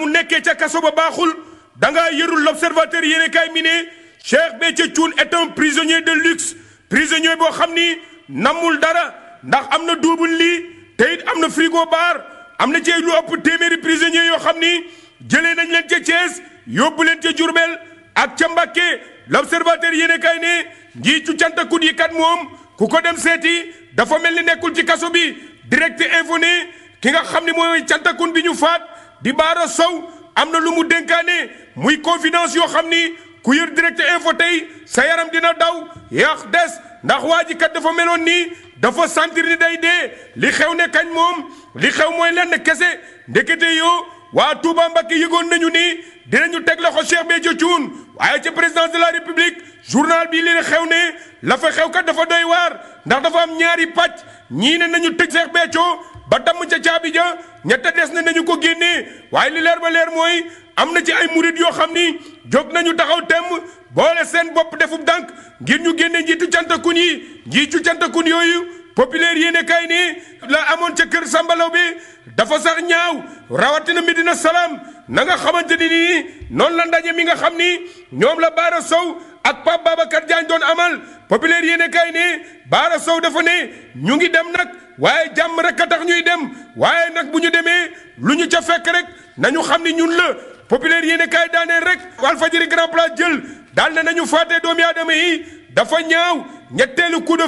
mu nekkee ca kaso ba baaxul dangaa yërul l'observateur yéene kaay mi ne Cheikh Béthio Thioune est un prisonnier de luxe prisonnier boo xam ni nammul dara ndax am na duubul lii te it am na frigo bar am na ci lu ëpp téeméeri prisonnier yoo xam ni jëlee nañ leen ca Thiès yóbbu leen ca Diourbel ak ca Mbacké l'observateur yéene kaay ne njiitu cantakut yi kat moom ku ko dem seeti dafa mel ni nekkul ci kaso bi direct info ne ki nga xam ni mooy cantakun bi ñu faat di baara sow am na lu mu dénkaane muy confidence yoo xam ni ku yër direct fo tey sa yaram dina daw yaax des ndax waa ji kat dafa meloon nii dafa sentir ni day dee li xew ne kañ moom li xew mooy lenn kese ndekete yoo waa Touba Mbakke yëgoon nañu ni dinañu teg la loxo Cheikh Béthio Thioune waaye ca présidence de la république journal bi li xew ne la fa xew kat dafa doy waar ndax dafa am ñaari pàcc ñii ne nañu teg Cheikh Béthio ba damm ca caabi ja ñetta des na nañu ko génnee waaye li leer ba leer mooy am na ci ay murit yoo xam ni jóg nañu taxaw temm boole seen bopp defub dànk ngir ñu génne njiitu cantakun yi njiitu cantakun yooyu populaire yéene kay nii la amoon ca kër sambalaw bi dafa sax ñaaw rawatina Medina Salaam na nga xamante ni nii noonu la ndaje mi nga xam ni ñoom la Baara Sow ak Pape Babacar Diagne doon amal populaire yéene kay nii Baara Sow dafa ne ñu ngi dem nag waaye jàmm rek a tax ñuy dem waaye nag bu ñu demee lu ñu ca fekk rek nañu xam ni ñun la populaire yéene kay daaneel rek Walfadjri Grand Place jël daal na nañu fàtte doomi aadama yi dafa ñaaw ñetteelu coup de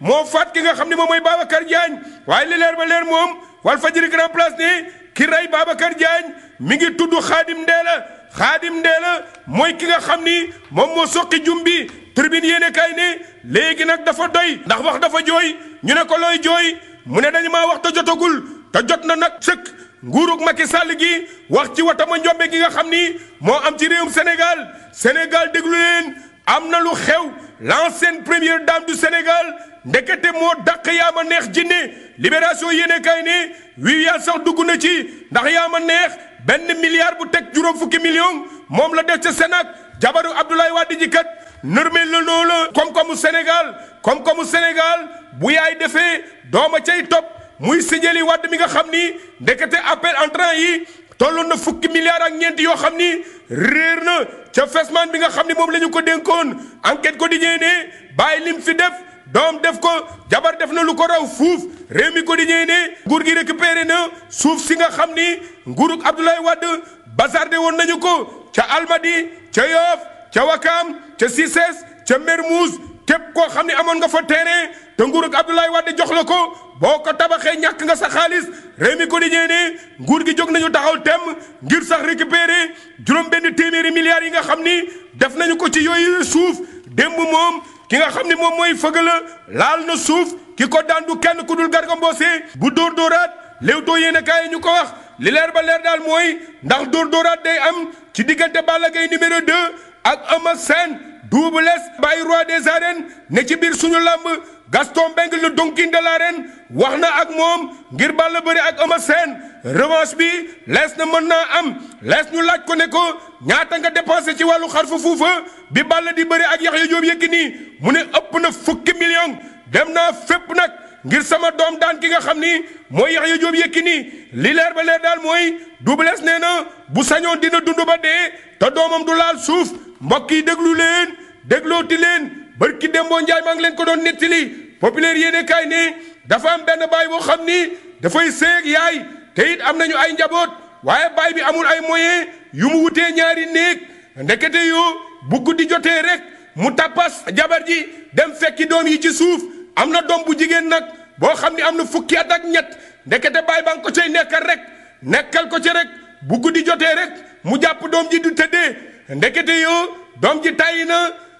moo faat ki nga xam ne moom moy Babacar Diagne waaye li leer ba leer moom wal Walfadjri Grand Place ne ki rey Babacar Diagne mi ngi tudd Xaadim Ndeela Xaadim Ndeela mooy ki nga xam ni moom moo soqi jum bi tribune yéene kay ne léegi nag dafa doy ndax wax dafa jooy ñu ne ko looy jooy mu ne dañu ma wax te jotagul te jot na nag sëkk nguurug Macky sàll gi wax ci watama njombe gi nga xam ni moo am ci réewum Sénégal Sénégal déglu leen am na lu xew l'ancienne première dame du Sénégal ndekete moo dàq yaa ma neex jinne libération yéene kay ne Viviane sax dugg na ci ndax yaa ma neex benn milliard bu teg juróom fukki million moom la def ca Sénac jabaru Abdoulaye Wade ji kat nërmee la loolu koom-koomu Sénégal koom komu Sénégal bu yaay defee dooma cay topp muy sijëli Wade mi nga xam ni ndekete appel entrant yi tolloon na fukki milliards ak ñeent yoo xam ni réer na ca fesman bi nga xam ni moom lañu ko dénkoon enquête ko ne bàyyi lim fi doom def ko jabar def na lu ko raw fuuf réew mi ko di ñëw ne nguur gi récupéré na suuf si nga xam ni nguurug Abdoulaye Wade bazardé woon nañu ko ca Almadi ca Yoff ca Wakaam ca Cissés ca Mermoz képp koo xam ne amoon nga fa terrain te nguurug Abdoulaye Wade jox la ko boo ko tabaxee ñàkk nga sa xaalis réew mi ko di ñëw nguur gi jóg nañu taxaw tem ngir sax récupéré juróom benn téeméeri milliards yi nga xam ni def nañu ko ci yooyu suuf démb moom ki nga xam ne moom mooy fëgala laal na suuf ki ko daan du kenn ku dul Garga Mbossé bu dóor dóoraat Leewtoo yéenekaay ñu ko wax li leer ba leer daal mooy ndax dóor dóoraat day am ci diggante Balla Gaye numéro 2 ak Eumeu Sène Double Less bàyyi roi des arènes ne ci biir suñu làmb Gaston Mbengue le donkin de l'arène wax na ak moom ngir Balla bëri ak Eumeu Sène revanche bi lees na mën naa am lees ñu laaj ko ne ko ñaata nga dépensé ci wàllu xar fa fuufa bi Balla di bëri ak Yaxya Jóob nii mu ne ëpp na fukki million dem naa fépp nag ngir sama doom daan ki nga xam ni mooy Yaxya Jóob Yékini li leer ba leer daal mooy Double Less nee na bu sañoon dina dund ba dee te doomam du laal suuf mbokk yi déglu leen déglooti leen barki Dembo Njaay maa ngi leen ko doon nettali populaire yéene kaay ne dafa am benn baay boo xam ni dafay seeg yaay te am nañu ay njaboot waaye baay bi amul ay moyen yu mu wutee ñaari néeg ndekete yoo bu guddi jotee rek mu tappas jabar ji dem fekki doom yi ci suuf am na doom bu jigéen nag boo xam ni am na fukki at ak ñett ndekete baay ba nga ko cay nekkal rek nekkal ko ci rek bu guddi jotee rek mu jàpp doom ji du tëddee ndekete yoo doom ji tàyyi na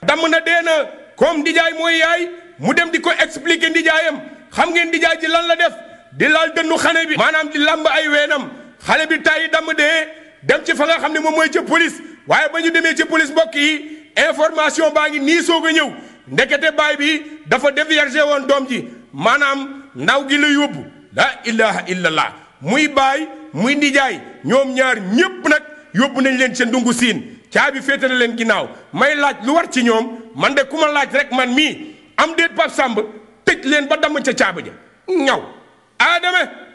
damm na dee na comme ndijaay mooy yaay mu dem di ko expliquer ndijaayam xam ngeen ndijaay ji lan la def di laal dënnu xale bi maanaam di lamb ay weenam xale bi tàyyi damm dee dem ci fa nga xam ne moom mooy ca police waaye ba ñu demee ci police mbokk yi information baa ngi nii soog a ñëw ndekete baay bi dafa déviergé woon doom ji maanaam ndaw gi la yóbbu la ilaha illallah muy baay muy nijaay ñoom ñaar ñëpp nag yóbbu nañ leen ca ndungu siin caabi féetale leen ginnaaw may laaj lu war ci ñoom man de ku ma laaj rek man mii am déet Pape sàmb tëj leen ba damm ca caaba ja ñaw Adama